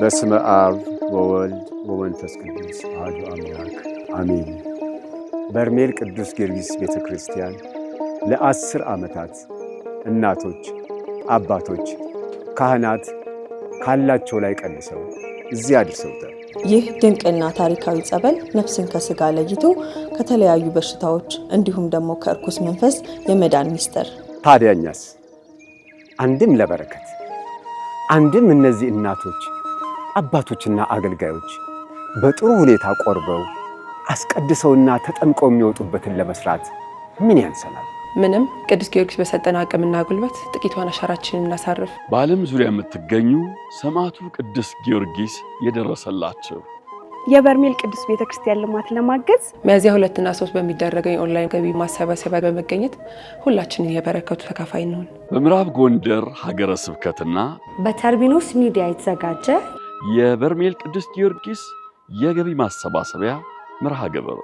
በስመ አብ ወወልድ ወመንፈስ ቅዱስ አሐዱ አምላክ አሜን። በርሜል ቅዱስ ጊዮርጊስ ቤተ ክርስቲያን ለአስር ዓመታት እናቶች፣ አባቶች፣ ካህናት ካላቸው ላይ ቀንሰው እዚህ አድርሰውታል። ይህ ድንቅና ታሪካዊ ጸበል ነፍስን ከስጋ ለይቶ ከተለያዩ በሽታዎች እንዲሁም ደግሞ ከእርኩስ መንፈስ የመዳን ሚስጥር ታዲያኛስ አንድም ለበረከት አንድም እነዚህ እናቶች አባቶችና አገልጋዮች በጥሩ ሁኔታ ቆርበው አስቀድሰውና ተጠምቀው የሚወጡበትን ለመስራት ምን ያንሰናል? ምንም። ቅዱስ ጊዮርጊስ በሰጠን አቅምና ጉልበት ጥቂቷን አሻራችንን እናሳርፍ። በዓለም ዙሪያ የምትገኙ ሰማዕቱ ቅዱስ ጊዮርጊስ የደረሰላቸው የበርሜል ቅዱስ ቤተ ክርስቲያን ልማት ለማገዝ ሚያዝያ ሁለትና ሶስት በሚደረገው የኦንላይን ገቢ ማሰባሰቢያ በመገኘት ሁላችንን የበረከቱ ተካፋይ እንሆን። በምዕራብ ጎንደር ሀገረ ስብከትና በተርቢኖስ ሚዲያ የተዘጋጀ የበርሜል ቅዱስ ጊዮርጊስ የገቢ ማሰባሰቢያ መርሃ ግብር